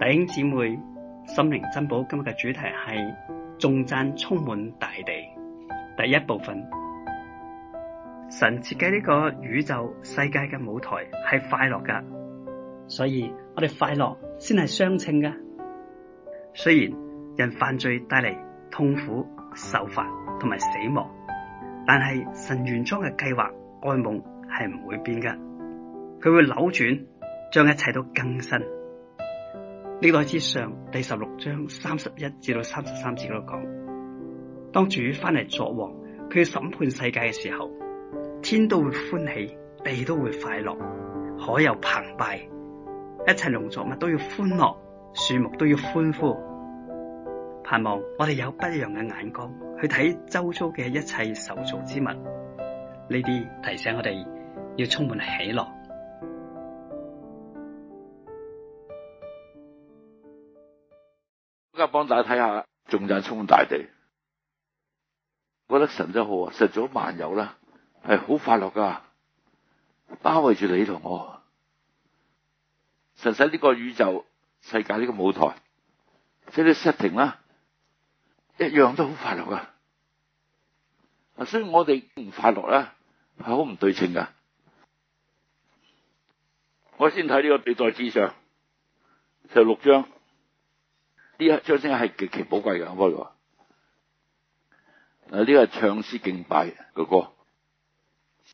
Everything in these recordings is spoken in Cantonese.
弟兄姊妹，心靈珍寶，今日嘅主題係頌讚充滿大地。第一部分，神設計呢個宇宙世界嘅舞台係快樂噶，所以我哋快樂先係相稱噶。雖然人犯罪帶嚟痛苦、受罰同埋死亡，但係神原裝嘅計劃、愛夢係唔會變噶，佢會扭轉，將一切都更新。歷代志上第十六章三十一至到三十三節嗰度講，當主翻嚟作王，佢要審判世界嘅時候，天都會歡喜，地都會快樂，海又澎湃，一切農作物都要歡樂，樹木都要歡呼。盼望我哋有不一樣嘅眼光去睇周遭嘅一切受造之物，呢啲提醒我哋要充滿喜樂。而家幫大家睇下，頌讚充滿大地。我覺得神真好啊，實早萬有啦，係好快樂噶，包圍住你同我。神使呢個宇宙世界呢個舞台，即係啲 setting 啦，一樣都好快樂噶。所以我哋唔快樂啦，係好唔對稱噶。我先睇呢個代志上，就是六章。呢一張聲係極其寶貴嘅，唔該喎。呢個係唱詩敬拜嘅歌，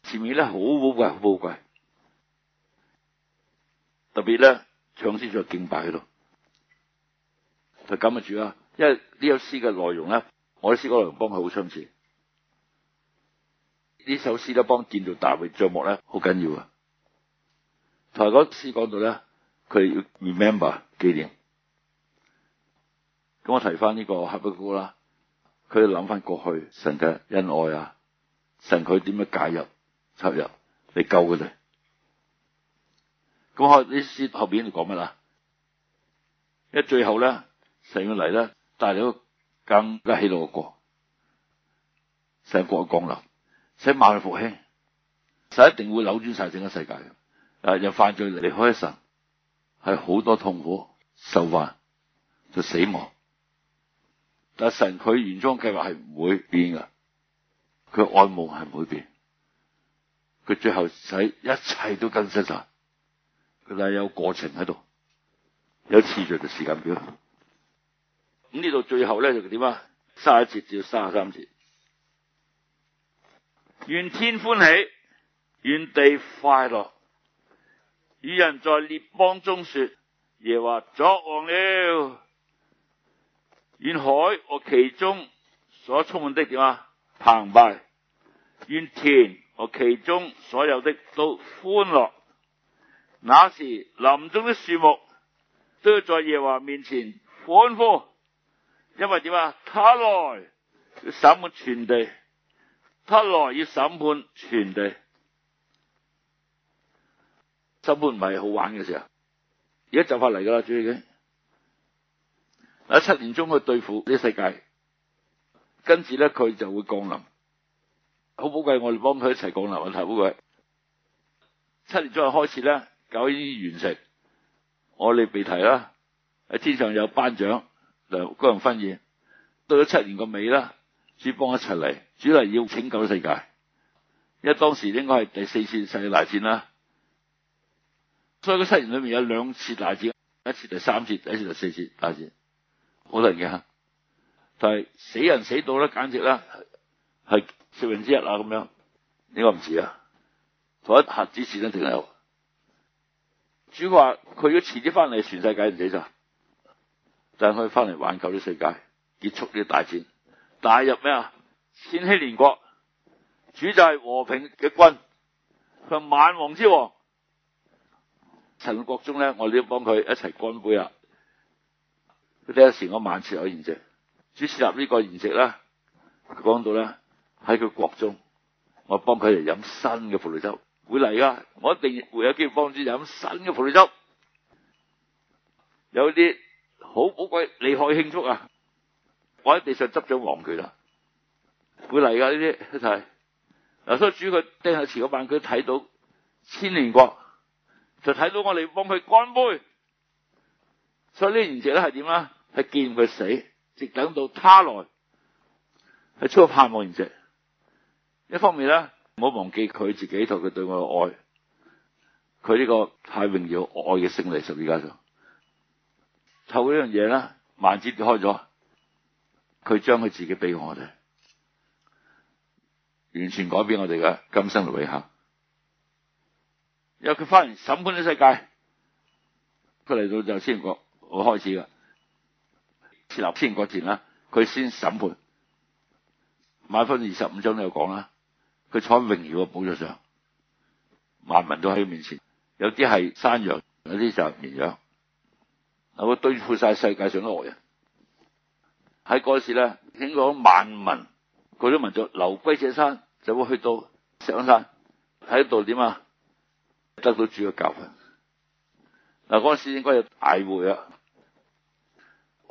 前面咧好寶貴，好寶貴。特別咧，唱詩仲在敬拜喺度，就咁咪住啦。因為呢首詩嘅內容咧，我啲詩歌內容幫佢好相似。呢首詩都幫建造大衛帳幕咧好緊要啊。同埋嗰詩講到咧，佢要 remember 記念。咁我提翻呢個哈巴谷啦，佢諗翻過去神嘅恩愛啊，神佢點樣介入、插入嚟救佢哋。咁呢，啲後後邊就講乜啦？一最後咧，神要嚟咧，帶咗更加喜樂嘅國，成國嘅降臨，使萬民復興，就一定會扭轉晒整個世界嘅。由犯罪嚟離開神，係好多痛苦、受患、就死亡。但神佢原裝計劃係唔會變噶，佢愛慕係唔會變，佢最後使一切都更新晒，佢但有過程喺度，有次序嘅時間表。咁呢度最後咧就點、是、啊？三十一節至卅三節，願天歡喜，願地快樂，願人在列邦中說，耶和華作王了。願海和其中所充滿的點啊澎湃，願田和其中所有的都歡樂。那時林中的樹木都要在耶和華面前歡呼，因為點啊他來要審判全地，他來要審判全地。審判唔係好玩嘅時候，而家就快嚟噶啦，主席嘅。嗱七年中去對付呢世界，跟住咧佢就會降臨，好寶貴，我哋幫佢一齊降臨啊！好寶貴，七年中開始咧，九已完成，我哋被提啦。喺天上有頒獎，羔羊婚筵到咗七年個尾啦，主幫一齊嚟，主嚟要，要拯救世界，因為當時應該係第四次世界大戰啦。所以七年裏面有兩次大戰，一次第三次，第一次第四次大戰。好多人嘅吓，但係死人死到咧，簡直咧係四分之一啊！咁樣呢個唔止啊，同一核子戰爭停留？主話佢如果遲啲翻嚟，全世界唔死咋？但係佢翻嚟挽救呢世界，結束呢大戰，帶入咩啊？千禧年國，主就係和平嘅君，佢萬王之王。陳國忠咧，我哋要幫佢一齊乾杯啊！佢第一次我晚設立宴席，主設立呢個宴席啦。佢講到咧，喺佢國中，我幫佢嚟飲新嘅葡萄汁，會嚟㗎，我一定會有機會幫佢飲新嘅葡萄汁。有啲好寶貴，你可以慶祝啊！我喺地上執咗王權，會嚟㗎呢啲一齊。嗱，所以主佢釘下前個晚佢睇到千年國，就睇到我哋幫佢乾杯。所以這件事是怎樣呢啲原則咧係點咧？係見佢死，直等到他來，係超越盼望原則。一方面咧，唔好忘記佢自己同佢對我嘅愛，佢呢個太榮耀愛嘅勝利十二家就透過這件事呢樣嘢咧，幔子裂開咗，佢將佢自己俾我哋，完全改變我哋嘅今生嘅委客。因佢返嚟審判嘅世界，佢嚟到就先國。我開始噶設立天國前啦，佢先審判，馬分二十五章都有講啦。佢坐喺榮耀嘅寶座上，萬民都喺佢面前，有啲係山羊，有啲就係綿羊，就會對付晒世界上嘅外人。喺嗰時咧，整個萬民，嗰啲民族流歸這山，就會去到石岡山喺度點啊？得到主嘅教訓。嗱，嗰時應該有大會啊！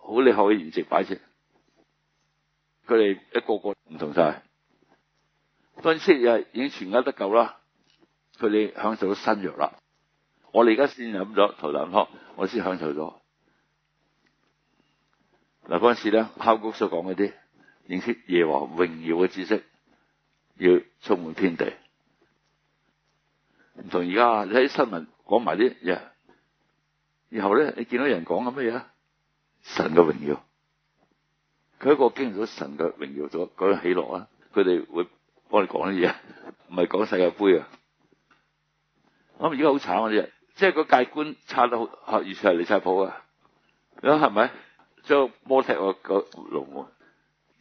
好，你可以言直擺設，佢哋一個個唔同晒。分析又已經全額得夠啦，佢哋享受到新藥啦。我哋而家先飲咗頭兩湯，我先享受咗。嗱，嗰陣時咧，哈巴谷所講嗰啲認識耶和華榮耀嘅知識，要充滿天地。唔同而家，你喺新聞講埋啲嘢，以後咧你見到人講緊乜嘢？神嘅榮耀，佢一個經歷咗神嘅榮耀咗嗰啲喜樂啊，佢哋會幫你講啲嘢，唔係講世界杯啊。咁而家好慘啊啲人，即係個界官差得好，吓完全係李彩寶啊。你話係咪？將波踢我個龍門，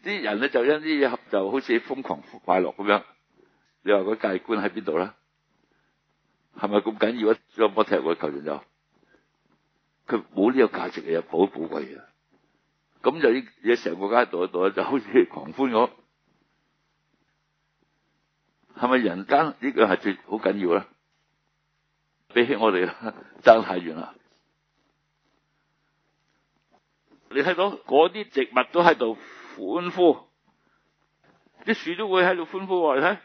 啲人咧就因啲嘢就好似瘋狂快樂咁樣。你話個界官喺邊度啦？係咪咁緊要啊？將波踢我球仲有？佢冇呢個價值嘅，好寶貴嘅，咁就啲嘢，成個街度度就好似狂歡咗，係咪人間、這個、呢個係最好緊要咧？比起我哋爭太遠啦！你睇到嗰啲植物都喺度歡呼，啲樹都會喺度歡呼。嚟睇，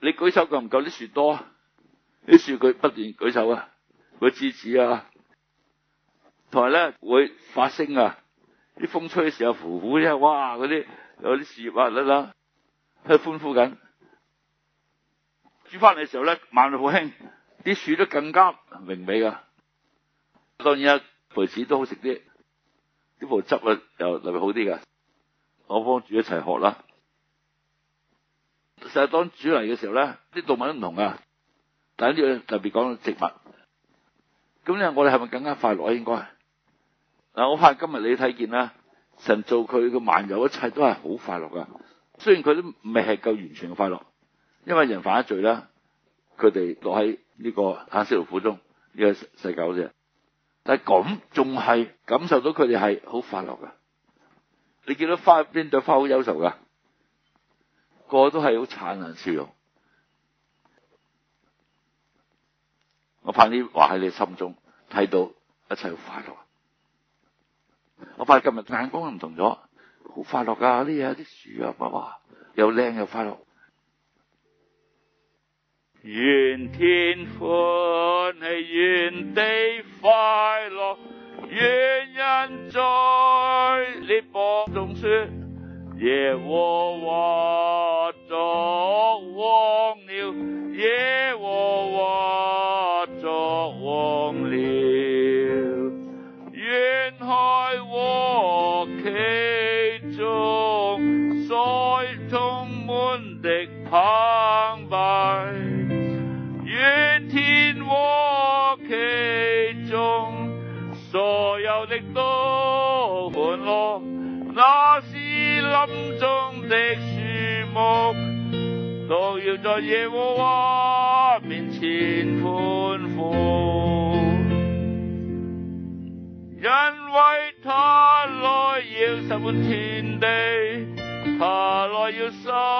你舉手夠唔夠？啲樹多，啲樹佢不斷舉手啊！個枝子啊！同埋咧，會發聲啊！啲風吹嘅時候，呼呼一聲，哇！嗰啲有啲樹葉啊，嗱嗱，喺歡呼緊。主翻嚟嘅時候咧，萬好興，啲樹都更加榮美噶。當然啊，桃子都好食啲，啲桃汁啊又特別好啲噶。我幫主一齊學啦。其實際當主嚟嘅時候咧，啲動物都唔同啊。但呢個特別講植物。咁咧，我哋係咪更加快樂啊？應該。嗱，我怕今日你睇見啦，神做佢嘅萬有，一切都係好快樂噶。雖然佢都未係夠完全嘅快樂，因為人犯一罪啦，佢哋落喺呢個嘆息勞苦中，呢、這個世界嗰只。但係咁仲係感受到佢哋係好快樂噶。你見到花邊朵花好憂愁噶，個個都係好燦爛笑容。我怕啲話喺你心中睇到一切好快樂。我發覺今日眼光唔同咗，好快樂噶啲嘢，啲樹啊，哇，又靚又快樂。願天歡喜，願地快樂，願人在列邦中說耶和華作王了耶。澎湃，願田和其中所有的都歡樂，那時林中的樹木，都要在耶和華面前歡呼，因為他來要審判全地，他來要審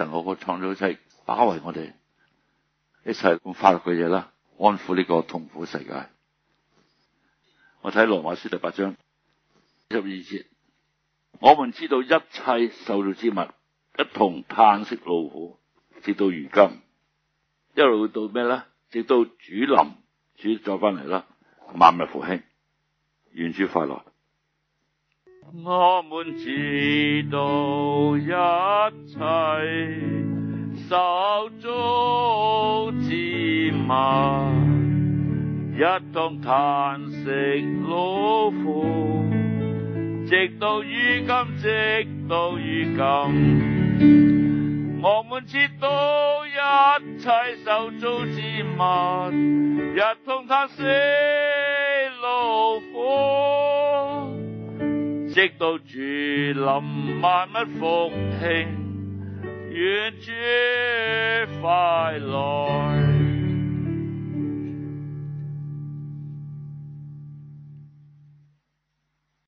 神個好創造一切，包圍我哋，一齊咁快樂嘅嘢啦，安撫呢個痛苦世界。我睇羅馬書第八章十二節，我們知道一切受造之物一同嘆息、勞苦，直到如今，一路到咩呢？直到主臨，主再翻嚟啦，萬物復興，願主快樂。我們知道一。一切受造之物，一同嘆息勞苦，直到如今，直到如今，我們知道一切受造之物，一同嘆息勞苦，直到主臨，萬物復興，願主快來。